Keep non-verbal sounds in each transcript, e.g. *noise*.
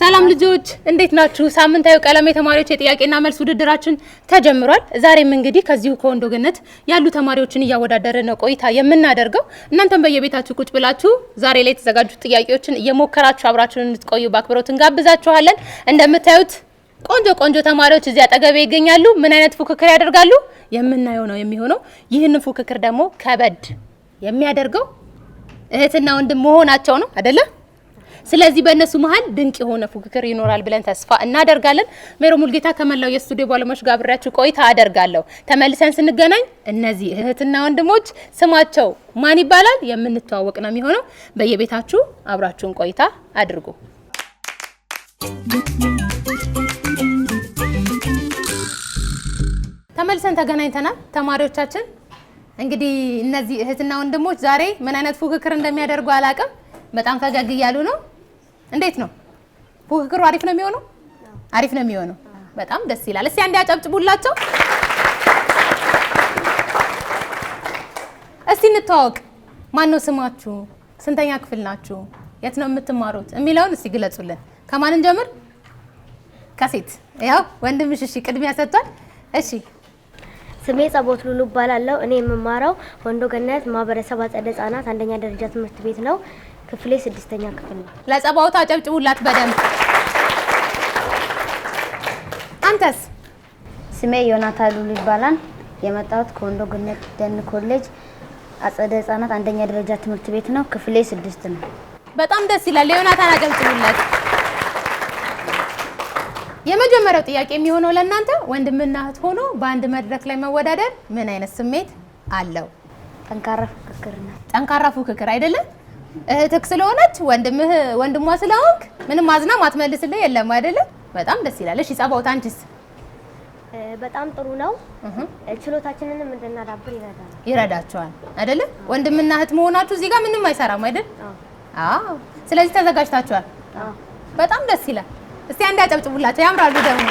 ሰላም ልጆች እንዴት ናችሁ? ሳምንታዊ ቀለም የተማሪዎች የጥያቄና መልስ ውድድራችን ተጀምሯል። ዛሬም እንግዲህ ከዚሁ ከወንዶ ገነት ያሉ ተማሪዎችን እያወዳደረ ነው ቆይታ የምናደርገው። እናንተም በየቤታችሁ ቁጭ ብላችሁ ዛሬ ላይ የተዘጋጁት ጥያቄዎችን እየሞከራችሁ አብራችሁን እንድትቆዩ በአክብሮት እንጋብዛችኋለን። እንደምታዩት ቆንጆ ቆንጆ ተማሪዎች እዚህ አጠገቤ ይገኛሉ። ምን አይነት ፉክክር ያደርጋሉ? የምናየው ነው የሚሆነው። ይህንን ፉክክር ደግሞ ከበድ የሚያደርገው እህትና ወንድም መሆናቸው ነው አይደለ? ስለዚህ በእነሱ መሀል ድንቅ የሆነ ፉክክር ይኖራል ብለን ተስፋ እናደርጋለን። ሜሮ ሙልጌታ ከመላው የስቱዲዮ ባለሙያዎች ጋር አብሬያችሁ ቆይታ አደርጋለሁ። ተመልሰን ስንገናኝ እነዚህ እህትና ወንድሞች ስማቸው ማን ይባላል የምንተዋወቅ ነው የሚሆነው። በየቤታችሁ አብራችሁን ቆይታ አድርጉ። ተመልሰን ተገናኝተናል ተማሪዎቻችን እንግዲህ እነዚህ እህትና ወንድሞች ዛሬ ምን አይነት ፉክክር እንደሚያደርጉ አላቅም። በጣም ፈገግ እያሉ ነው። እንዴት ነው ፉክክሩ? አሪፍ ነው የሚሆነው፣ አሪፍ ነው የሚሆነው። በጣም ደስ ይላል። እስቲ አንድ ያጨብጭቡላቸው። እስቲ እንተዋወቅ። ነው ስማችሁ? ስንተኛ ክፍል ናችሁ? የት ነው የምትማሩት? የሚለውን እስቲ ግለጹልን። ከማንን ጀምር? ከሴት ያው ወንድምሽ። እሺ ቅድሚያ ሰጥቷል። እሺ ስሜ ጸቦት ሉሉ እባላለሁ። እኔ የምማረው ወንዶ ገነት ማህበረሰብ አጸደ ህጻናት አንደኛ ደረጃ ትምህርት ቤት ነው። ክፍሌ ስድስተኛ ክፍል ነው። ለጸባውታ ጨብጭቡላት በደንብ። አንተስ? ስሜ ዮናታ ሉሉ ይባላል። የመጣሁት ከወንዶ ገነት ደን ኮሌጅ አጸደ ህጻናት አንደኛ ደረጃ ትምህርት ቤት ነው። ክፍሌ ስድስት ነው። በጣም ደስ ይላል። ዮናታን አጨብጭቡለት። የመጀመሪያው ጥያቄ የሚሆነው ለእናንተ ወንድምና እህት ሆኖ በአንድ መድረክ ላይ መወዳደር ምን አይነት ስሜት አለው? ጠንካራ ፉክክር ነው። ጠንካራ ፉክክር አይደለም? እህትክ ስለሆነች ወንድምህ ወንድሟ ስለሆንክ ምንም አዝና ማትመልስልህ የለም አይደለም? በጣም ደስ ይላል። እሺ ጸባውት አንቺስ? በጣም ጥሩ ነው። ችሎታችንን እንድናዳብር ይረዳል ይረዳቸዋል አይደለም? ወንድምና እህት መሆናችሁ እዚህ ጋር ምንም አይሰራም አይደል? አዎ። ስለዚህ ተዘጋጅታችኋል። በጣም ደስ ይላል። እስቲ አንድ አጨብጭቡላቸው፣ ያምራሉ ደግሞ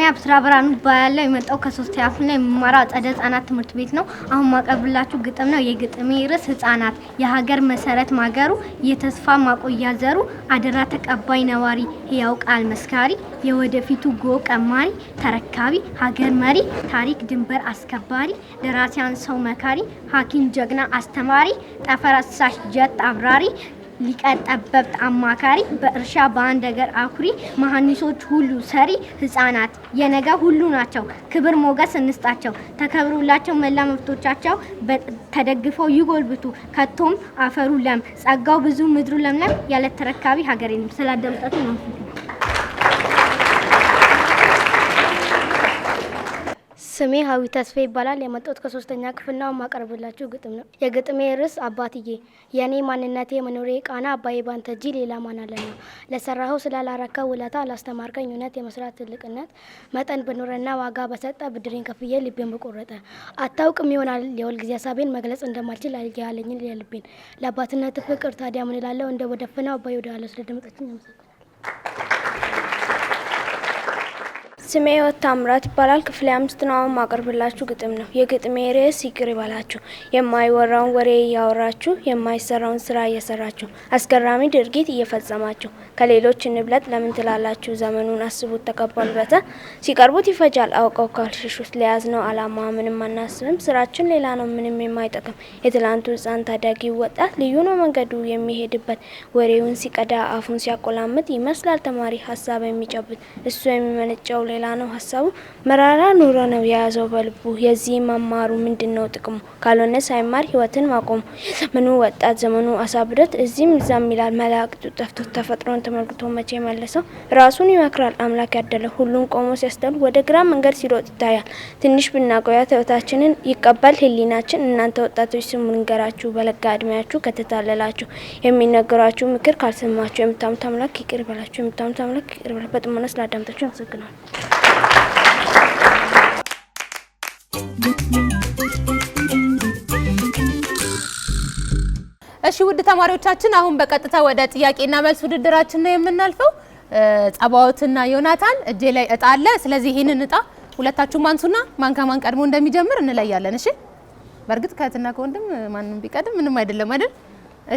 ስሜ አብስራ ብርሃኑ ባያለው የመጣው ከሶስት ያፍን ላይ የምማራው ጸደ ህጻናት ትምህርት ቤት ነው። አሁን ማቀርብላችሁ ግጥም ነው። የግጥሜ ርዕስ ህጻናት። የሀገር መሰረት ማገሩ፣ የተስፋ ማቆያ ዘሩ፣ አደራ ተቀባይ ነዋሪ፣ ህያው ቃል መስካሪ፣ የወደፊቱ ጎ ቀማሪ፣ ተረካቢ ሀገር መሪ፣ ታሪክ ድንበር አስከባሪ፣ ደራሲያን ሰው መካሪ፣ ሐኪም ጀግና አስተማሪ፣ ጠፈር አሳሽ ጀት አብራሪ ሊቀጠበብት አማካሪ በእርሻ በአንድ ነገር አኩሪ መሀኒሶች ሁሉ ሰሪ ህፃናት የነገ ሁሉ ናቸው። ክብር ሞገስ እንስጣቸው፣ ተከብሮላቸው መላ መብቶቻቸው ተደግፈው ይጎልብቱ። ከቶም አፈሩ ለም ጸጋው ብዙ ምድሩ ለምለም ያለ ተረካቢ ሀገሬንም ስላደምጠቱ ነው። ስሜ ሀዊ ተስፋ ይባላል። የመጣሁት ከሶስተኛ ክፍል ነው። የማቀርብላችሁ ግጥም ነው። የግጥሜ ርዕስ አባትዬ። የእኔ ማንነቴ መኖሬ ቃና አባዬ ባንተ እጅ ሌላ ማን ነው። ለሰራኸው ስላላረካ ውለታ ላስተማርከኝ እውነት የመስራት ትልቅነት መጠን ብኖረና ዋጋ በሰጠ ብድሬን ከፍዬ ልቤን በቆረጠ አታውቅም ይሆናል የወል ጊዜ ሀሳቤን መግለጽ እንደማልችል አልያለኝን የልቤን ለአባትነት ፍቅር ታዲያ ምንላለው እንደ ወደፍነው አባይ ወደ አለስ ለደመጠችን ስሜ ወታ ታምራት ይባላል። ክፍሌ አምስት ነው። አሁን ማቀርብላችሁ ግጥም ነው። የግጥሜ ርዕስ ይቅር ይበላችሁ። የማይወራውን ወሬ እያወራችሁ፣ የማይሰራውን ስራ እየሰራችሁ፣ አስገራሚ ድርጊት እየፈጸማችሁ፣ ከሌሎች እንብለጥ ለምን ትላላችሁ? ዘመኑን አስቡት ተከባልበተ ሲቀርቡት ይፈጃል አውቀው ለያዝ ለያዝነው አላማ ምንም አናስብም፣ ስራችን ሌላ ነው ምንም የማይጠቅም። የትላንቱ ህፃን ታዳጊ ወጣት ልዩ ነው መንገዱ የሚሄድበት። ወሬውን ሲቀዳ አፉን ሲያቆላምጥ ይመስላል ተማሪ ሀሳብ የሚጨብጥ እሱ የሚመነጨው ሌላ ነው ሀሳቡ። መራራ ኑሮ ነው የያዘው በልቡ። የዚህ መማሩ ምንድን ነው ጥቅሙ? ካልሆነ ሳይማር ህይወትን ማቆሙ። የዘመኑ ወጣት ዘመኑ አሳ እዚህም እዛም ይላል። መላእክቱ ጠፍቶ ተፈጥሮን ተመልክቶ መቼ መለሰው? ራሱን ይመክራል አምላክ ያደለው ሁሉን ቆሞ ሲያስተሉ ወደ ግራ መንገድ ሲሮጥ ይታያል። ትንሽ ብናቆያ ህይወታችንን ይቀባል ህሊናችን። እናንተ ወጣቶች ስሙ ንገራችሁ በለጋ እድሜያችሁ ከተታለላችሁ የሚነገሯችሁ ምክር ካልሰማችሁ የምታሙት አምላክ ይቅር በላችሁ። የምታሙት አምላክ ይቅር በላ በጥሞና ስላዳምጣችሁ አመሰግናለሁ። ውድ ተማሪዎቻችን አሁን በቀጥታ ወደ ጥያቄና መልስ ውድድራችን ነው የምናልፈው። ጸባዖትና ዮናታን እጄ ላይ እጣ አለ። ስለዚህ ይህንን እጣ ሁለታችሁም አንሱና ማን ከማን ቀድሞ እንደሚጀምር እንለያለን። እሺ? በእርግጥ ከእህትና ከወንድም ማንም ቢቀድም ምንም አይደለም አይደል?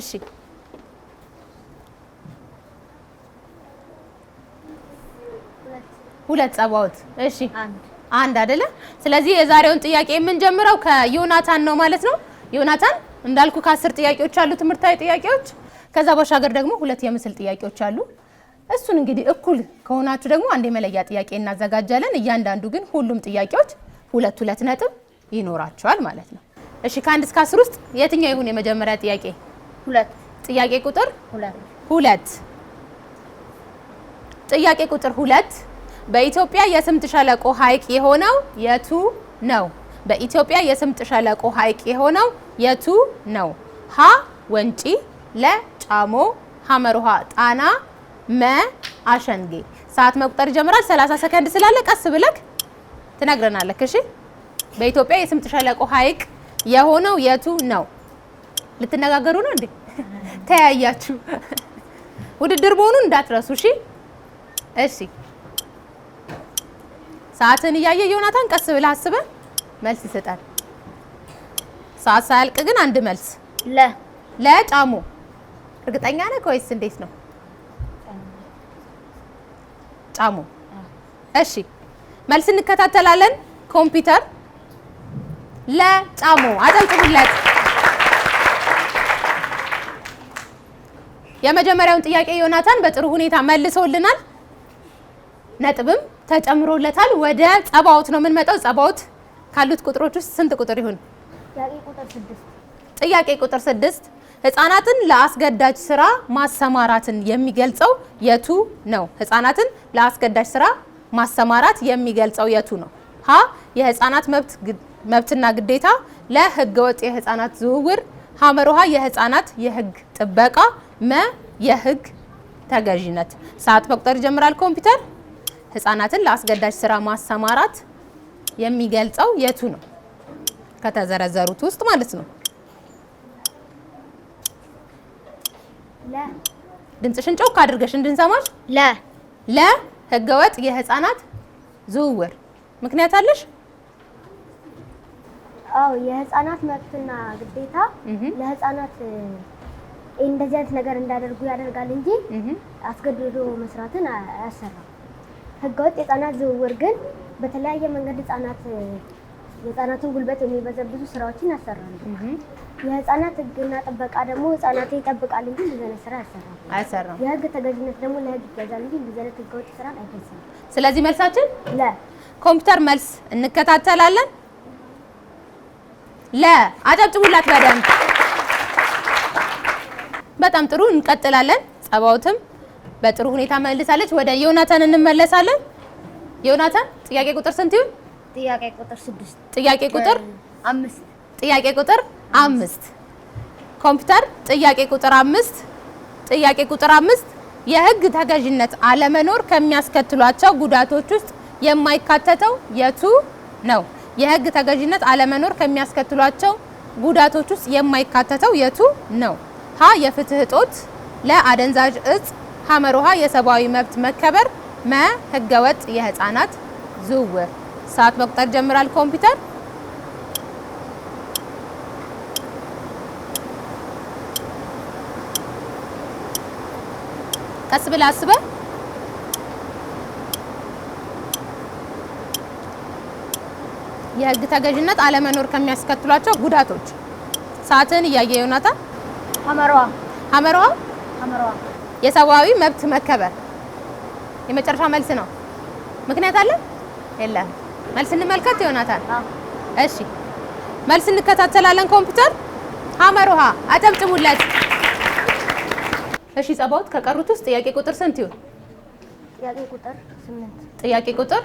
እሺ። ሁለት ጸባዖት። እሺ፣ አንድ አይደለ? ስለዚህ የዛሬውን ጥያቄ የምንጀምረው ከዮናታን ነው ማለት ነው። ዮናታን እንዳልኩ ከአስር ጥያቄዎች አሉ ትምህርታዊ ጥያቄዎች። ከዛ ባሻገር ደግሞ ሁለት የምስል ጥያቄዎች አሉ። እሱን እንግዲህ እኩል ከሆናችሁ ደግሞ አንድ የመለያ ጥያቄ እናዘጋጃለን። እያንዳንዱ ግን ሁሉም ጥያቄዎች ሁለት ሁለት ነጥብ ይኖራቸዋል ማለት ነው። እሺ ከአንድ እስከ አስር ውስጥ የትኛው ይሁን የመጀመሪያ ጥያቄ? ሁለት ጥያቄ ቁጥር ሁለት ጥያቄ ቁጥር ሁለት በኢትዮጵያ የስምጥ ሸለቆ ሐይቅ የሆነው የቱ ነው? በኢትዮጵያ የስምጥ ሸለቆ ሐይቅ የሆነው የቱ ነው? ሀ ወንጪ፣ ለ ጫሞ፣ ሐመር ውሃ ጣና፣ መ አሸንጌ። ሰዓት መቁጠር ይጀምራል። 30 ሰከንድ ስላለ ቀስ ብለክ ትነግረናለክ። እሺ በኢትዮጵያ የስምጥ ሸለቆ ሐይቅ የሆነው የቱ ነው? ልትነጋገሩ ነው እንዴ? *laughs* ተያያችሁ። ውድድር መሆኑ እንዳትረሱ እሺ። እሺ ሰዓትን እያየ ዮናታን ቀስ ብለህ አስበህ መልስ ይሰጣል። ሰዓት ሳያልቅ ግን አንድ መልስ ለ ለጫሙ እርግጠኛ ነህ ወይስ እንዴት ነው? ጫሙ። እሺ መልስ እንከታተላለን። ኮምፒውተር ለጫሙ አጨብጭቡለት። የመጀመሪያውን ጥያቄ ዮናታን በጥሩ ሁኔታ መልሶልናል። ነጥብም ተጨምሮለታል። ወደ ጸባዖት ነው የምንመጣው። ጸባዖት ካሉት ቁጥሮች ውስጥ ስንት ቁጥር ይሁን? ጥያቄ ቁጥር ስድስት ህጻናትን ለአስገዳጅ ስራ ማሰማራትን የሚገልጸው የቱ ነው? ህጻናትን ለአስገዳጅ ስራ ማሰማራት የሚገልጸው የቱ ነው? ሀ የህጻናት መብትና ግዴታ፣ ለህገወጥ የህጻናት ዝውውር፣ ሀመሮሃ የህጻናት የህግ ጥበቃ፣ መ የህግ ተገዥነት። ሰዓት መቁጠር ይጀምራል ኮምፒውተር። ህጻናትን ለአስገዳጅ ስራ ማሰማራት የሚገልጸው የቱ ነው? ከተዘረዘሩት ውስጥ ማለት ነው። ድምፅሽን ጮክ አድርገሽ እንድንሰማሽ። ለ ለ ህገወጥ የህፃናት ዝውውር ምክንያት አለሽ? አዎ የህፃናት መብትና ግዴታ ለህፃናት እንደዚህ አይነት ነገር እንዳደርጉ ያደርጋል እንጂ አስገድዶ መስራትን አያሰራም። ህገወጥ የህፃናት ዝውውር ግን በተለያየ መንገድ ህፃናት የህፃናትን ጉልበት የሚበዘብዙ ስራዎችን ያሰራሉ። የህፃናት ህግና ጥበቃ ደግሞ ህፃናትን ይጠብቃል እንጂ ብዙ ስራ ያሰራሉ አይሰራም። የህግ ተገዥነት ደግሞ ለህግ ይገዛል እንጂ ብዙ ዓይነት ህገወጥ ስራ አይፈጽም። ስለዚህ መልሳችን ለ ኮምፒውተር መልስ እንከታተላለን። ለ አጨብጭቡላት በደንብ በጣም ጥሩ እንቀጥላለን። ጸባውትም በጥሩ ሁኔታ መልሳለች። ወደ ዮናታን እንመለሳለን። ዮናታን ጥያቄ ቁጥር ስንት ይሁን? ጥያቄ ቁጥር ስድስት ጥያቄ ቁጥር አምስት ጥያቄ ቁጥር አምስት ኮምፒውተር ጥያቄ ቁጥር አምስት ጥያቄ ቁጥር አምስት የህግ ተገዥነት አለመኖር ከሚያስከትሏቸው ጉዳቶች ውስጥ የማይካተተው የቱ ነው? የህግ ተገዥነት አለመኖር ከሚያስከትሏቸው ጉዳቶች ውስጥ የማይካተተው የቱ ነው? ሀ የፍትህ እጦት፣ ለ አደንዛዥ እጽ፣ ሐመር ውሃ የሰብአዊ መብት መከበር፣ መ ህገወጥ የህፃናት ዝውውር ሰዓት መቁጠር ጀምራል ኮምፒውተር። ቀስ ብለህ አስበህ የህግ ተገዥነት አለመኖር ከሚያስከትሏቸው ጉዳቶች ሰዓትን እያየ ዮናታን ሀመረዋ ሀመረዋ ሀመረዋ የሰብአዊ መብት መከበር የመጨረሻ መልስ ነው። ምክንያት አለ የለም። መልስ እንመልከት ይሆናታል። እሺ መልስ እንከታተላለን። ኮምፒውተር ሀመር ውሃ አጨምጭሙለት። እሺ ጸባውት ከቀሩት ውስጥ ጥያቄ ቁጥር ስንት ይሁን? ጥያቄ ቁጥር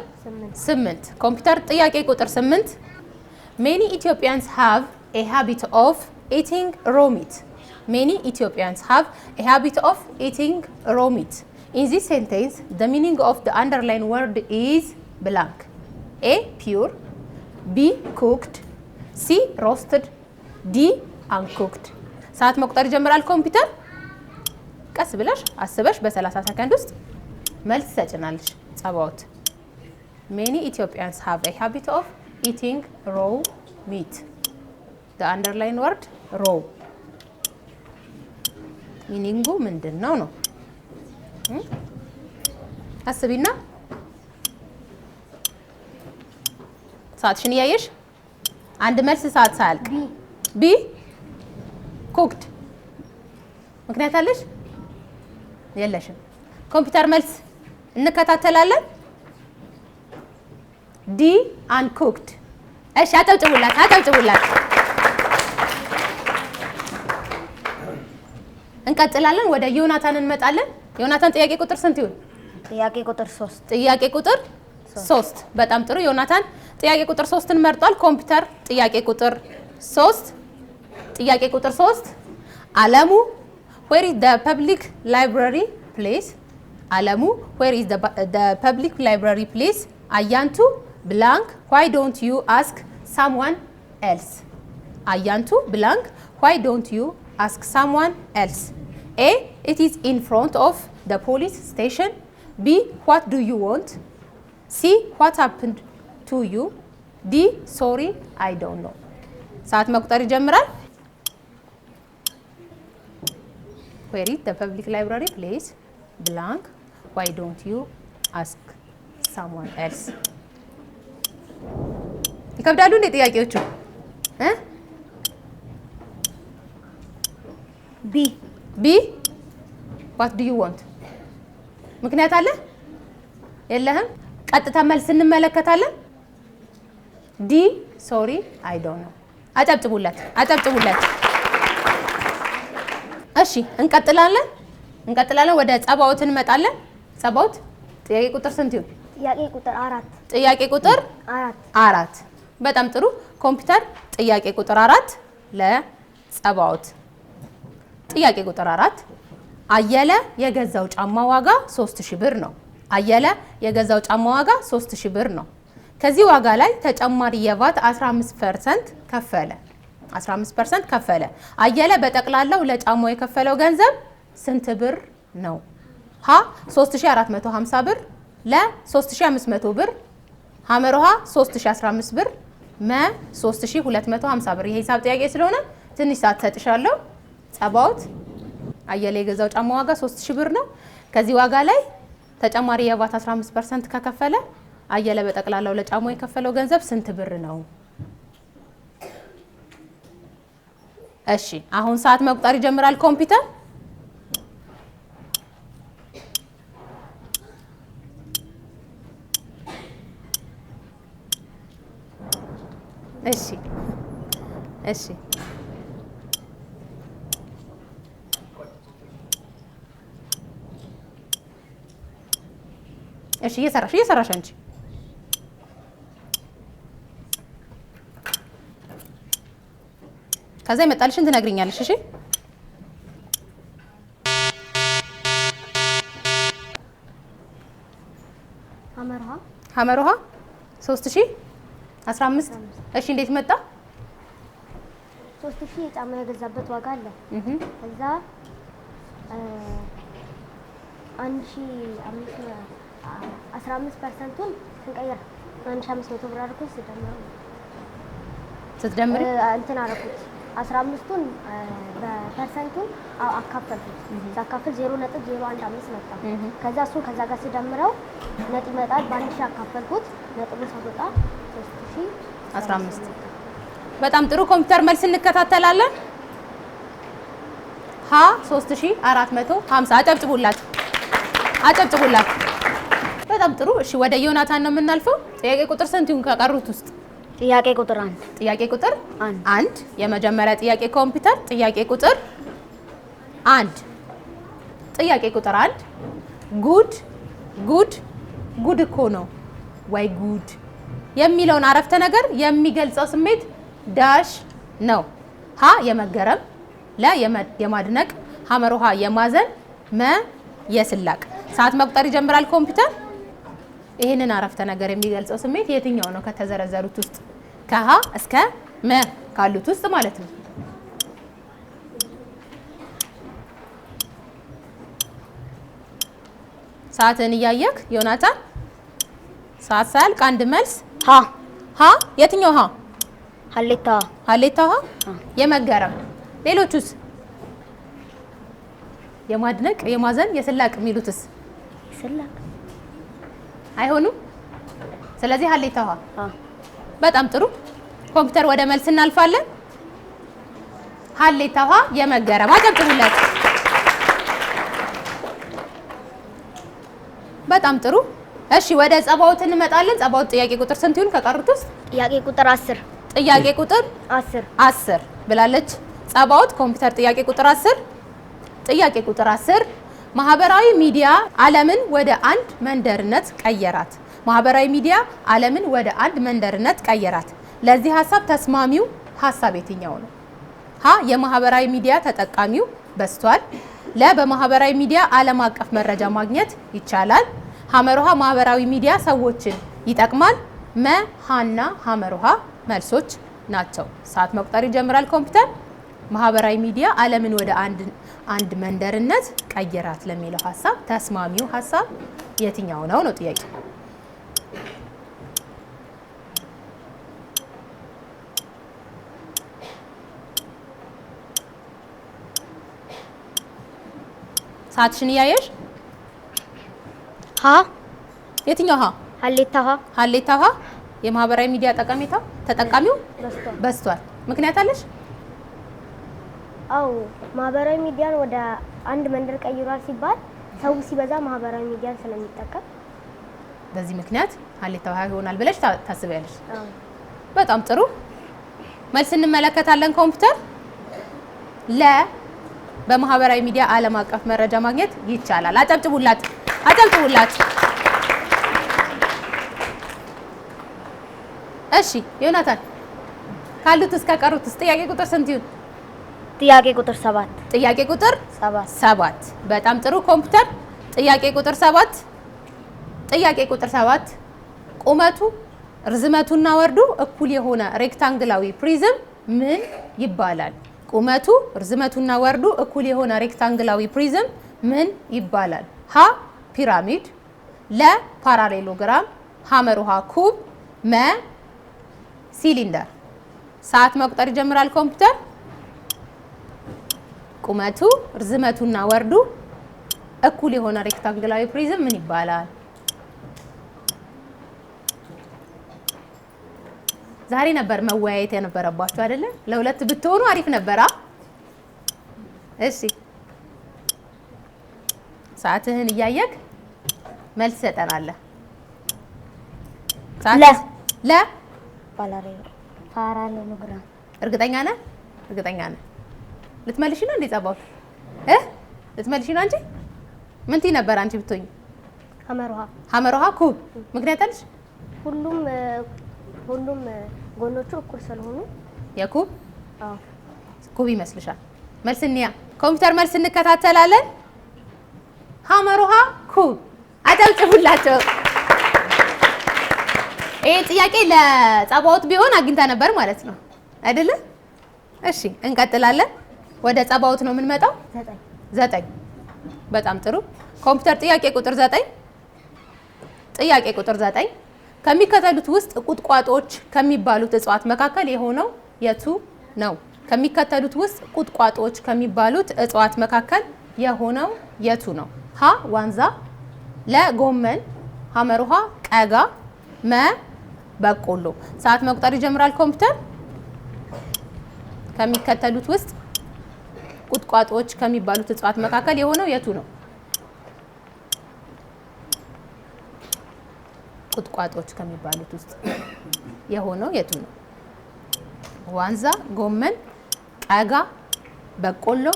ስምንት ኮምፒውተር ጥያቄ ቁጥር ስምንት ሜኒ ኢትዮጵያንስ ሃቭ ኤ ሃቢት ኦፍ ኢቲንግ ሮሚት ሜኒ ኢትዮጵያንስ ሃቭ ኤ ሃቢት ኦፍ ኢቲንግ ሮሚት ኢን ዚስ ሴንቴንስ ዘ ሚኒንግ ኦፍ ዘ አንደርላይን ወርድ ኢዝ ብላንክ ኤ ፒዩር፣ ቢ ኩክድ፣ ሲ ሮስትድ፣ ዲ አንኩክድ። ሰዓት መቁጠር ይጀምራል ኮምፒውተር። ቀስ ብለሽ አስበሽ በ30 ሰከንድ ውስጥ መልስ ሰጭናለሽ። ጸባውት ሜኒ ኢትዮጵያንስ ሃቭ ኤ ሃቢት ኦፍ ኢቲንግ ሮው ሚት ዘ አንደርላይን ወርድ ሮው ሚኒንጉ ምንድን ነው ነው አስቢና ሰዓትሽን እያየሽ አንድ መልስ ሰዓት ሳያልቅ ቢ ኩክድ ምክንያት አለሽ የለሽም። ኮምፒውተር መልስ እንከታተላለን። ዲ አንኩክድ። እሺ አጨብጭቡላት፣ አጨብጭቡላት። እንቀጥላለን። ወደ ዮናታን እንመጣለን። ዮናታን ጥያቄ ቁጥር ስንት ይሁን? ጥያቄ ቁጥር ሶስት ጥያቄ ቁጥር ሶስት በጣም ጥሩ ዮናታን ጥያቄ ቁጥር ሶስትን መርጧል። ኮምፒውተር ጥያቄ ቁጥር ሶስት ጥያቄ ቁጥር ሶስት አለሙ ዌር ኢዝ ዘ ፐብሊክ ላይብራሪ ፕሌስ አለሙ ዌር ኢዝ ዘ ፐብሊክ ላይብራሪ ፕሌስ አያንቱ ብላንክ ዋይ ዶንት ዩ አስክ ሳምዋን ኤልስ አያንቱ ብላንክ ዋይ ዶንት ዩ አስክ ሳምዋን ኤልስ ኤ ኢት ኢዝ ኢን ፍሮንት ኦፍ ዘ ፖሊስ ስቴሽን ቢ ዋት ዱ ዩ ዋንት ሲ ዋት ሀፕንድ ቱ ዩ ዲ ሶሪ አይ ዶንት ኖ። ሰዓት መቁጠር ይጀምራል። ዌር ኢዝ ዘ ፐብሊክ ላይብራሪ ፕሌስ ብላንክ ዋይ ዶንት ዩ አስክ ሳምዋን ኤልስ። ይከብዳሉ እንዴ ጥያቄዎቹ? ቢ ቢ ዋት ዱ ዩ ዋንት ምክንያት አለ የለህም? ቀጥታ መልስ እንመለከታለን። ዲ ሶሪ አይ ዶንት ኖው። አጨብጭቡለት፣ አጨብጭቡለት። እሺ እንቀጥላለን፣ እንቀጥላለን። ወደ ጸባኦት እንመጣለን። ጸባኦት ጥያቄ ቁጥር ስንት ይሁን? ጥያቄ ቁጥር አራት ጥያቄ ቁጥር አራት በጣም ጥሩ። ኮምፒውተር ጥያቄ ቁጥር አራት ለጸባኦት ጥያቄ ቁጥር አራት አየለ የገዛው ጫማ ዋጋ ሶስት ብር ነው። አየለ የገዛው ጫማ ዋጋ 3000 ብር ነው። ከዚህ ዋጋ ላይ ተጨማሪ የቫት 15% ከፈለ 15% ከፈለ። አየለ በጠቅላላው ለጫማው የከፈለው ገንዘብ ስንት ብር ነው? ሀ 3450 ብር፣ ለ 3500 ብር፣ ሐመርሃ 3015 ብር፣ መ 3250 ብር። የሂሳብ ጥያቄ ስለሆነ ትንሽ ሰዓት ሰጥሻለሁ። ጸባውት አየለ የገዛው ጫማ ዋጋ 3000 ብር ነው። ከዚህ ዋጋ ላይ ተጨማሪ የቫት 15 ፐርሰንት ከከፈለ አየለ በጠቅላላው ለጫሞ የከፈለው ገንዘብ ስንት ብር ነው? እሺ አሁን ሰዓት መቁጠር ይጀምራል ኮምፒውተር። እሺ እሺ እሺ፣ እየሰራሽ እየሰራሽ አንቺ ከዛ ይመጣልሽን ትነግሪኛለሽ። እሺ ሀመርሃ ሀመርሃ 3000 15 እሺ፣ እንዴት መጣ? 3000 ጫማ የገዛበት ዋጋ አለ። ከዛ አምስት አስራ አምስት ፐርሰንቱን ስንቀይር አንድ ሺህ አምስት መቶ ብር አድርጎ ስደምረ ስትደምር እንትን አደረኩት አስራ አምስቱን በፐርሰንቱን አካፈልኩት። ሳካፍል ዜሮ ነጥብ ዜሮ አንድ አምስት መጣ። ከዛ እሱን ከዛ ጋር ስደምረው ነጥብ ይመጣል። በአንድ ሺህ አካፈልኩት ነጥብ ሳትወጣ ሶስት ሺህ አስራ አምስት በጣም ጥሩ ኮምፒውተር መልስ እንከታተላለን። ሀ 3450 አጨብጭቡላት፣ አጨብጭቡላት። በጣም ጥሩ። እሺ ወደ ዮናታን ነው የምናልፈው። ጥያቄ ቁጥር ስንት ይሁን ከቀሩት ውስጥ? ጥያቄ ቁጥር አንድ ጥያቄ ቁጥር አንድ የመጀመሪያ ጥያቄ ኮምፒውተር ጥያቄ ቁጥር አንድ ጥያቄ ቁጥር አንድ ጉድ ጉድ ጉድ እኮ ነው ወይ ጉድ የሚለውን አረፍተ ነገር የሚገልጸው ስሜት ዳሽ ነው። ሀ የመገረም ለ የማድነቅ ሐመር ውሃ የማዘን መ የስላቅ ሰዓት መቁጠር ይጀምራል ኮምፒውተር ይህንን አረፍተ ነገር የሚገልጸው ስሜት የትኛው ነው? ከተዘረዘሩት ውስጥ ከሀ እስከ መ ካሉት ውስጥ ማለት ነው። ሰዓትን እያየክ ዮናታን፣ ሰዓት ሳያልቅ አንድ መልስ። ሀ ሀ የትኛው ሀ? ሀሌታ ሀሌታ ሀ የመገረም ሌሎቹስ? የማድነቅ የማዘን የስላቅ የሚሉትስ? ስላቅ አይሆኑም። ስለዚህ ሀሌታ ውሃ። በጣም ጥሩ ኮምፒውተር፣ ወደ መልስ እናልፋለን። ሀሌታ ውሃ የመገረም አጨብጭቡለት። በጣም ጥሩ እሺ፣ ወደ ጸባዖት እንመጣለን። ጸባዖት ጥያቄ ቁጥር ስንት ይሁን ከቀሩት ውስጥ? ጥያቄ ቁጥር 10 ጥያቄ ቁጥር 10 10 ብላለች ጸባዖት። ኮምፒውተር ጥያቄ ቁጥር 10 ጥያቄ ቁጥር 10 ማህበራዊ ሚዲያ ዓለምን ወደ አንድ መንደርነት ቀየራት። ማህበራዊ ሚዲያ ዓለምን ወደ አንድ መንደርነት ቀየራት። ለዚህ ሀሳብ ተስማሚው ሀሳብ የትኛው ነው? ሀ የማህበራዊ ሚዲያ ተጠቃሚው በዝቷል። ለ በማህበራዊ ሚዲያ ዓለም አቀፍ መረጃ ማግኘት ይቻላል። ሐመሮሃ ማህበራዊ ሚዲያ ሰዎችን ይጠቅማል። መ ሀና ሐመሮሃ መልሶች ናቸው። ሰዓት መቁጠር ይጀምራል ኮምፒውተር። ማህበራዊ ሚዲያ ዓለምን ወደ አንድ አንድ መንደርነት ቀይራት ለሚለው ሀሳብ ተስማሚው ሀሳብ የትኛው ነው ነው ጥያቄ። ሰዓትሽን እያየሽ ሀ የትኛው ሀ? ሀሌታ ሀ ሀሌታ ሀ የማህበራዊ ሚዲያ ጠቀሜታ ተጠቃሚው በዝቷል። ምክንያት አለሽ? አዎ ማህበራዊ ሚዲያን ወደ አንድ መንደር ቀይሯል ሲባል ሰው ሲበዛ ማህበራዊ ሚዲያን ስለሚጠቀም በዚህ ምክንያት ሀሌታ ውሃ ይሆናል ብለሽ ታስቢያለሽ። በጣም ጥሩ መልስ እንመለከታለን። ኮምፒውተር ለ በማህበራዊ ሚዲያ ዓለም አቀፍ መረጃ ማግኘት ይቻላል። አጨብጭቡላት፣ አጨብጭቡላት። እሺ ዮናታን ካሉት እስከ ቀሩት ጥያቄ ቁጥር ስንት ይሁን? ጥያቄ ቁጥር ሰባት ጥያቄ ቁጥር ሰባት በጣም ጥሩ ኮምፒውተር ጥያቄ ቁጥር ሰባት ጥያቄ ቁጥር ሰባት ቁመቱ ርዝመቱና ወርዱ እኩል የሆነ ሬክታንግላዊ ፕሪዝም ምን ይባላል? ቁመቱ ርዝመቱና ወርዱ እኩል የሆነ ሬክታንግላዊ ፕሪዝም ምን ይባላል? ሀ ፒራሚድ፣ ለ ፓራሌሎግራም፣ ሐመር ውሃ ኩብ፣ መ ሲሊንደር። ሰዓት መቁጠር ይጀምራል ኮምፒውተር ቁመቱ ርዝመቱና ወርዱ እኩል የሆነ ሬክታንግላዊ ፕሪዝም ምን ይባላል? ዛሬ ነበር መወያየት የነበረባችሁ አይደለም? ለሁለት ብትሆኑ አሪፍ ነበራ። እሺ ሰዓትህን እያየክ መልስ ሰጠናለህ። ለ ለ ፓራሌሎግራም እርግጠኛ ነህ? እርግጠኛ ነህ? ልትመልሽ ነው እንዴ? ጸባውን እ ልትመልሽ ነው አንቺ? ምን ትይ ነበር አንቺ ብትሆኝ? ሀመሮሃ ሀመሮሃ ኩብ ምክንያት አለሽ? ሁሉም ሁሉም ጎኖቹ እኩል ስለሆኑ የኩብ ኩብ ይመስልሻል? መልስ እንያ ኮምፒውተር መልስ እንከታተላለን። ሀመሮሃ ኩብ አጨብጭቡላቸው። ይህ ጥያቄ ለጸባኦት ቢሆን አግኝታ ነበር ማለት ነው አይደለ? እሺ እንቀጥላለን። ወደ ጸባውት ነው የምንመጣው። ዘጠኝ በጣም ጥሩ ኮምፒውተር ጥያቄ ቁጥር ዘጠኝ ጥያቄ ቁጥር ዘጠኝ ከሚከተሉት ውስጥ ቁጥቋጦዎች ከሚባሉት እጽዋት መካከል የሆነው የቱ ነው? ከሚከተሉት ውስጥ ቁጥቋጦዎች ከሚባሉት እጽዋት መካከል የሆነው የቱ ነው? ሀ ዋንዛ፣ ለ ጎመን፣ ሐመር ውሃ፣ ቀጋ፣ መ በቆሎ። ሰዓት መቁጠር ይጀምራል ኮምፒውተር። ከሚከተሉት ውስጥ ቁጥቋጦዎች ከሚባሉት እጽዋት መካከል የሆነው የቱ ነው? ቁጥቋጦዎች ከሚባሉት ውስጥ የሆነው የቱ ነው? ዋንዛ፣ ጎመን፣ ቀጋ፣ በቆሎ።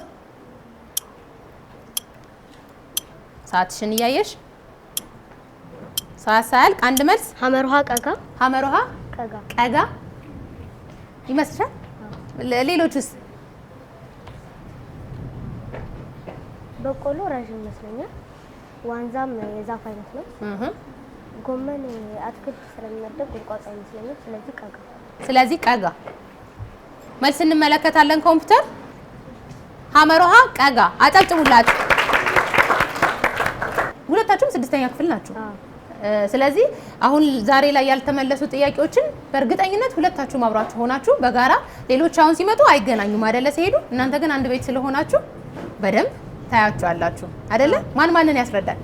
ሰዓትሽን እያየሽ ሰዓት ሳያልቅ አንድ መልስ። ሀመሮሃ ቀጋ፣ ሀመሮሃ ቀጋ ይመስልሻል? ሌሎች በቆሎ ረዥም ይመስለኛል። ዋንዛም የዛፍ አይነት ነው። ጎመን አትክልት ስለሚመደብ ጎድቋጣ ይመስለኛል። ስለዚህ ቀጋ። ስለዚህ ቀጋ መልስ እንመለከታለን። ኮምፒውተር ሀመሮሃ ቀጋ። አጨብጭቡላት። ሁለታችሁም ስድስተኛ ክፍል ናችሁ። ስለዚህ አሁን ዛሬ ላይ ያልተመለሱ ጥያቄዎችን በእርግጠኝነት ሁለታችሁም አብራችሁ ሆናችሁ በጋራ ሌሎች አሁን ሲመጡ አይገናኙም አይደለ? ሲሄዱ እናንተ ግን አንድ ቤት ስለሆናችሁ በደንብ ታያችኋላችሁ አይደለ? ማን ማንን ያስረዳል?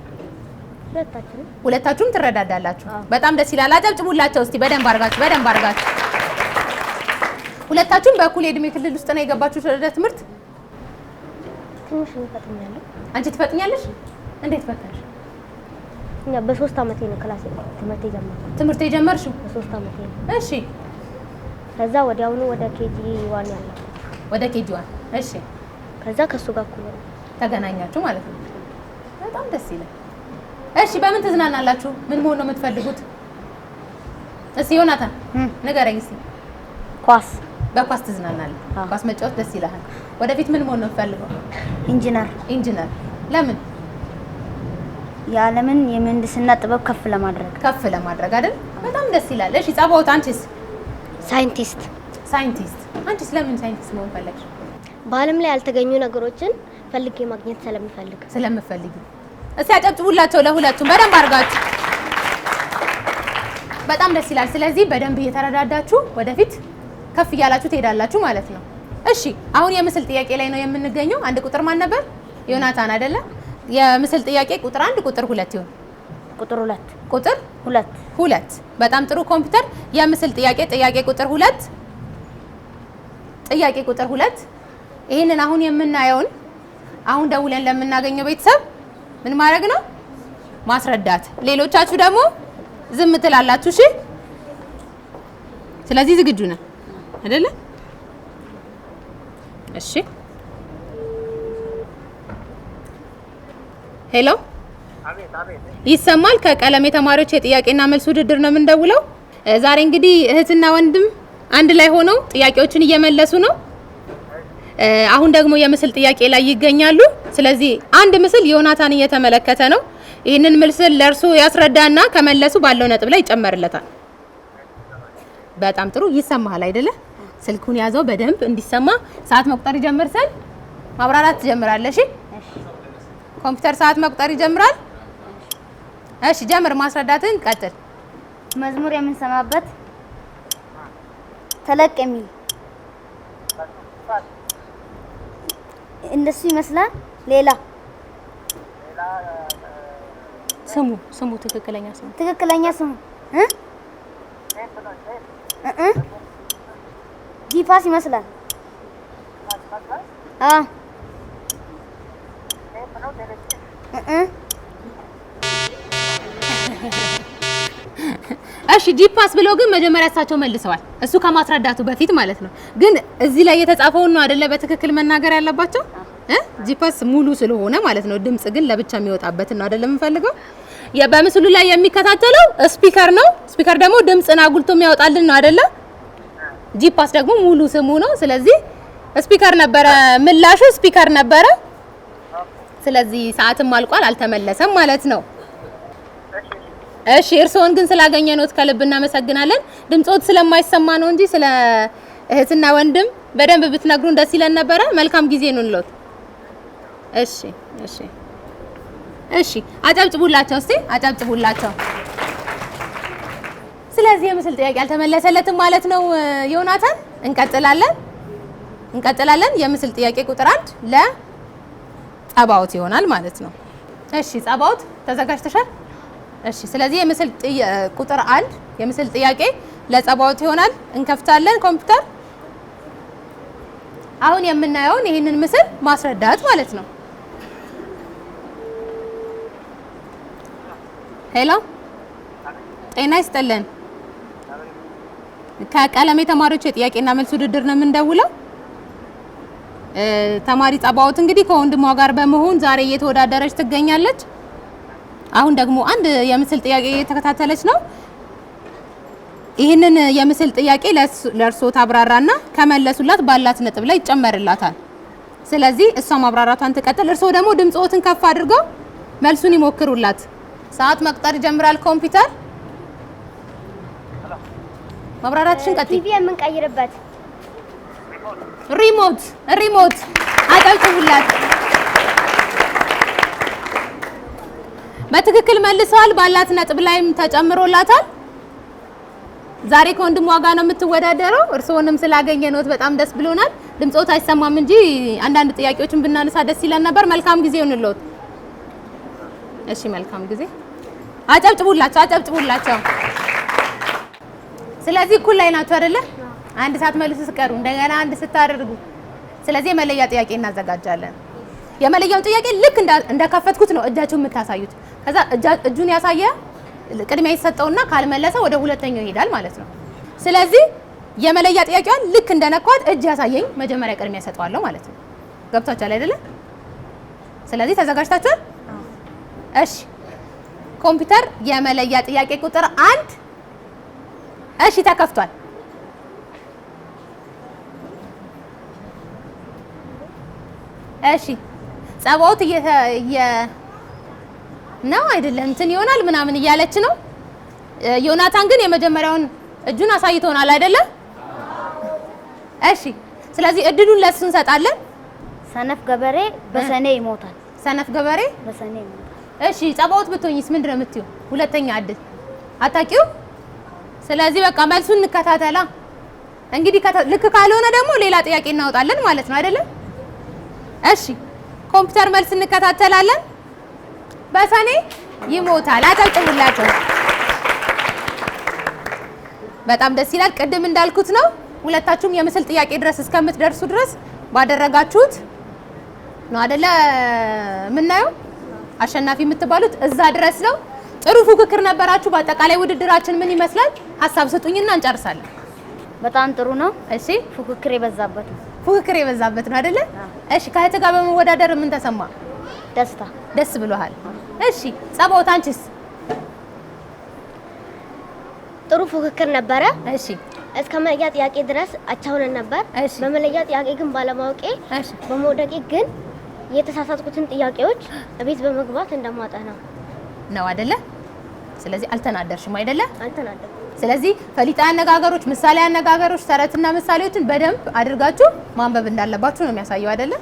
ሁለታችሁም ትረዳዳላችሁ። በጣም ደስ ይላል። አጨብጭቡላቸው እስቲ በደንብ አድርጋችሁ በደንብ አድርጋችሁ። ሁለታችሁም በእኩል የእድሜ ክልል ውስጥ ነው የገባችሁ ወደ ትምህርት። ትንሽ እፈጥኛለሁ። አንቺ ትፈጥኛለሽ? እንዴት ፈጠንሽ? እኛ በሶስት አመቴ ነው ክላስ ትምህርት የጀመርኩት። ትምህርት የጀመርሽው በሶስት አመቴ ነው። እሺ። ከዛ ወዲያውኑ ወደ ኬጂ ዋን ያለው ወደ ኬጂ ዋን። እሺ። ከዛ ከሱ ጋር እኩል ነው ተገናኛችሁ ማለት ነው። በጣም ደስ ይላል። እሺ፣ በምን ትዝናናላችሁ? ምን መሆን ነው የምትፈልጉት? እስኪ ዮናታን ንገረኝ እስኪ። ኳስ፣ በኳስ ትዝናናለህ? ኳስ መጫወት ደስ ይላል። ወደፊት ምን መሆን ነው የምትፈልገው? ኢንጂነር። ኢንጂነር ለምን? የዓለምን የምህንድስና ጥበብ ከፍ ለማድረግ ከፍ ለማድረግ አይደል? በጣም ደስ ይላል። እሺ ጸባኦት፣ አንቺስ? ሳይንቲስት። ሳይንቲስት። አንቺስ ለምን ሳይንቲስት መሆን ፈለግሽ? በዓለም ላይ ያልተገኙ ነገሮችን ፈልጌ ማግኘት ስለምፈልግ ስለምፈልግ እስቲ አጨብጭቡላቸው ለሁለቱም በደንብ አድርጋችሁ። በጣም ደስ ይላል። ስለዚህ በደንብ እየተረዳዳችሁ ወደፊት ከፍ እያላችሁ ትሄዳላችሁ ማለት ነው። እሺ አሁን የምስል ጥያቄ ላይ ነው የምንገኘው። አንድ ቁጥር ማን ነበር? ዮናታን አይደለ? የምስል ጥያቄ ቁጥር አንድ ቁጥር ሁለት ይሁን። ቁጥር ሁለት ቁጥር ሁለት ሁለት። በጣም ጥሩ ኮምፒውተር። የምስል ጥያቄ ጥያቄ ቁጥር ሁለት ጥያቄ ቁጥር ሁለት ይህንን አሁን የምናየውን አሁን ደውለን ለምናገኘው ቤተሰብ ምን ማድረግ ነው ማስረዳት። ሌሎቻችሁ ደግሞ ዝም ትላላችሁ። እሺ፣ ስለዚህ ዝግጁ ነን አይደለ? እሺ። ሄሎ፣ ይሰማል? ከቀለም የተማሪዎች የጥያቄና መልስ ውድድር ነው የምንደውለው። ዛሬ እንግዲህ እህትና ወንድም አንድ ላይ ሆነው ጥያቄዎችን እየመለሱ ነው። አሁን ደግሞ የምስል ጥያቄ ላይ ይገኛሉ። ስለዚህ አንድ ምስል ዮናታን እየተመለከተ ነው። ይህንን ምስል ለእርሱ ያስረዳና ከመለሱ ባለው ነጥብ ላይ ይጨመርለታል። በጣም ጥሩ ይሰማሃል አይደለ? ስልኩን ያዘው በደንብ እንዲሰማ። ሰዓት መቁጠር ይጀምር ስል ማብራራት ትጀምራለሽ። ኮምፒውተር ሰዓት መቁጠር ይጀምራል። እሺ ጀምር፣ ማስረዳትን ቀጥል። መዝሙር የምንሰማበት ተለቅ የሚል እንደሱ ይመስላል። ሌላ ስሙ ስሙ ትክክለኛ ስሙ ትክክለኛ ስሙ እ እ ይመስላል። አዎ እሺ ዲፓስ ብለው ግን መጀመሪያ እሳቸው መልሰዋል። እሱ ከማስረዳቱ በፊት ማለት ነው። ግን እዚህ ላይ የተጻፈውን ነው አይደለ በትክክል መናገር ያለባቸው እ ጂፓስ ሙሉ ስለሆነ ማለት ነው። ድምጽ ግን ለብቻ የሚወጣበት ነው አይደለም የምፈልገው። በምስሉ ላይ የሚከታተለው ስፒከር ነው። ስፒከር ደግሞ ድምጽን አጉልቶ የሚያወጣልን ነው አይደለ? ጂፓስ ደግሞ ሙሉ ስሙ ነው። ስለዚህ ስፒከር ነበረ ምላሹ፣ ስፒከር ነበረ። ስለዚህ ሰዓትም አልቋል፣ አልተመለሰም ማለት ነው። እሺ እርስዎን ግን ነው ከልብ እናመሰግናለን። ድምጾት ስለማይሰማ ነው እንጂ ስለ እህትና ወንድም በደንብ ብትነግሩን ደስ ይለን ነበረ። መልካም ጊዜ ነው እሺ እሺ እሺ፣ አጨብጭቡላቸው እስቲ አጨብጭቡላቸው። ስለዚህ የምስል ጥያቄ አልተመለሰለትም ማለት ነው። ዮናታን እንቀጥላለን እንቀጥላለን። የምስል ጥያቄ ቁጥር አንድ ለጸባኦት ይሆናል ማለት ነው። እሺ ጸባኦት ተዘጋጅተሻል? እሺ ስለዚህ የምስል ቁጥር አንድ የምስል ጥያቄ ለጸባዖት ይሆናል። እንከፍታለን ኮምፒውተር። አሁን የምናየውን ይህንን ምስል ማስረዳት ማለት ነው። ሄሎ ጤና ይስጥልን። ከቀለም የተማሪዎች የጥያቄና መልስ ውድድር ነው የምንደውለው። ተማሪ ጸባዖት እንግዲህ ከወንድሟ ጋር በመሆን ዛሬ እየተወዳደረች ትገኛለች። አሁን ደግሞ አንድ የምስል ጥያቄ እየተከታተለች ነው። ይህንን የምስል ጥያቄ ለእርሶ ታብራራና ከመለሱላት ባላት ነጥብ ላይ ይጨመርላታል። ስለዚህ እሷ ማብራራቷን ትቀጥል፣ እርሶ ደግሞ ድምጽዎትን ከፍ አድርገው መልሱን ይሞክሩላት። ሰዓት መቁጠር ይጀምራል ኮምፒውተር። ማብራራትሽን ቀጥይ። ቲቪ የምንቀይርበት ሪሞት ሪሞት አቀልጥሁላት በትክክል መልሰዋል። ባላት ነጥብ ላይም ተጨምሮላታል። ዛሬ ከወንድሟ ጋር ነው የምትወዳደረው። እርስዎንም ስላገኘነዎት በጣም ደስ ብሎናል። ድምጾት አይሰማም እንጂ አንዳንድ ጥያቄዎችን ብናነሳ ደስ ይለን ነበር። መልካም ጊዜ ይሁንልዎት። እሺ፣ መልካም ጊዜ። አጨብጭቡላቸው፣ አጨብጭቡላቸው። ስለዚህ እኩል ላይ ናቸው አይደለ? አንድ ሰዓት መልሱ ስቀሩ እንደገና አንድ ስታደርጉ፣ ስለዚህ የመለያ ጥያቄ እናዘጋጃለን። የመለያው ጥያቄ ልክ እንደከፈትኩት ነው እጃችሁን የምታሳዩት። ከዛ እጁን ያሳየ ቅድሚያ ይሰጠውና ካልመለሰ ወደ ሁለተኛው ይሄዳል ማለት ነው። ስለዚህ የመለያ ጥያቄዋን ልክ እንደነኳት እጅ ያሳየኝ መጀመሪያ ቅድሚያ ሰጠዋለሁ ማለት ነው። ገብቷችኋል አይደለም? ስለዚህ ተዘጋጅታችኋል? እሺ። ኮምፒውተር የመለያ ጥያቄ ቁጥር አንድ እሺ፣ ተከፍቷል። እሺ፣ ጸባዖት ነው አይደለም እንትን ይሆናል ምናምን እያለች ነው። ዮናታን ግን የመጀመሪያውን እጁን አሳይቶናል አይደለም? እሺ። ስለዚህ እድሉን ለሱ እንሰጣለን። ሰነፍ ገበሬ በሰኔ ይሞታል። ሰነፍ ገበሬ በሰኔ ይሞታል። እሺ። ጸባዖት ብትሆኝስ ምንድን ነው የምትይው? ሁለተኛ እድል አታውቂው። ስለዚህ በቃ መልሱን እንከታተላ እንግዲህ። ልክ ካልሆነ ደግሞ ሌላ ጥያቄ እናወጣለን ማለት ነው አይደለም? እሺ። ኮምፒውተር መልስ እንከታተላለን። በሰኔ ይሞታል። አጨብጭቡላቸው። በጣም ደስ ይላል። ቅድም እንዳልኩት ነው ሁለታችሁም የምስል ጥያቄ ድረስ እስከምትደርሱ ድረስ ባደረጋችሁት ነው አይደለ የምናየው አሸናፊ የምትባሉት እዛ ድረስ ነው። ጥሩ ፉክክር ነበራችሁ። በአጠቃላይ ውድድራችን ምን ይመስላል? ሀሳብ ስጡኝና እንጨርሳለን። በጣም ጥሩ ነው። እሺ ፉክክር የበዛበት ነው። ፉክክር የበዛበት ነው አይደለ? እሺ ከእህት ጋር በመወዳደር ምን ተሰማ? ደስታ። ደስ ብሎሃል? እሺ ጸባውት፣ አንቺስ? ጥሩ ፉክክር ነበረ። እሺ እስከ መለያ ጥያቄ ድረስ አቻ ነበር። ነበር። በመለያ ጥያቄ ግን ባለማወቄ በመውደቄ ግን የተሳሳትኩትን ጥያቄዎች ቤት በመግባት እንደማጠና ነው አይደለ? ስለዚህ አልተናደርሽም አይደለ? አልተናደርኩም። ስለዚህ ፈሊጣ አነጋገሮች፣ ምሳሌ አነጋገሮች፣ ተረትና ምሳሌዎችን በደንብ አድርጋችሁ ማንበብ እንዳለባችሁ ነው የሚያሳየው አይደለ?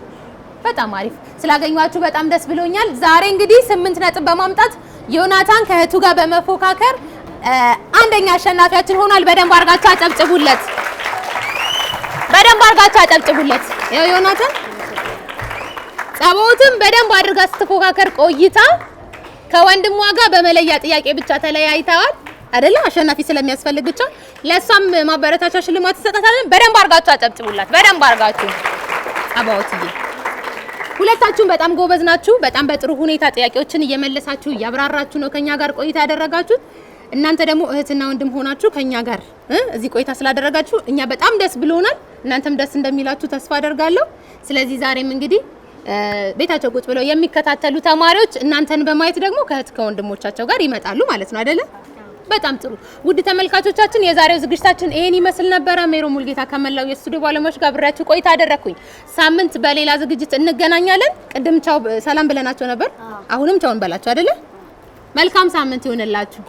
በጣም አሪፍ ስላገኘኋችሁ በጣም ደስ ብሎኛል። ዛሬ እንግዲህ ስምንት ነጥብ በማምጣት ዮናታን ከእህቱ ጋር በመፎካከር አንደኛ አሸናፊያችን ሆኗል። በደንብ አድርጋችሁ አጨብጭቡለት። በደንብ አድርጋችሁ አጨብጭቡለት። ያው ዮናታን ጸባዎትም በደንብ አድርጋ ስትፎካከር ቆይታ ከወንድሟ ጋር በመለያ ጥያቄ ብቻ ተለያይተዋል። አይደለም አሸናፊ ስለሚያስፈልግ ብቻ ለእሷም ማበረታቻ ሽልማት ትሰጣታለን። በደንብ አድርጋችሁ አጨብጭቡላት። በደንብ አድርጋችሁ ጸባዎትዬ ሁለታችሁም በጣም ጎበዝ ናችሁ። በጣም በጥሩ ሁኔታ ጥያቄዎችን እየመለሳችሁ እያብራራችሁ ነው ከኛ ጋር ቆይታ ያደረጋችሁት። እናንተ ደግሞ እህትና ወንድም ሆናችሁ ከኛ ጋር እዚህ ቆይታ ስላደረጋችሁ እኛ በጣም ደስ ብሎናል። እናንተም ደስ እንደሚላችሁ ተስፋ አደርጋለሁ። ስለዚህ ዛሬም እንግዲህ ቤታቸው ቁጭ ብለው የሚከታተሉ ተማሪዎች እናንተን በማየት ደግሞ ከእህት ከወንድሞቻቸው ጋር ይመጣሉ ማለት ነው አይደለም። በጣም ጥሩ ውድ ተመልካቾቻችን፣ የዛሬው ዝግጅታችን ይሄን ይመስል ነበረ። ሜሮ ሙልጌታ ከመላው የስቱዲዮ ባለሙያዎች ጋር ብሬያችሁ ቆይታ አደረኩኝ። ሳምንት በሌላ ዝግጅት እንገናኛለን። ቅድም ቻው ሰላም ብለናቸው ነበር። አሁንም ቻውን በላችሁ አይደለ? መልካም ሳምንት ይሆንላችሁ።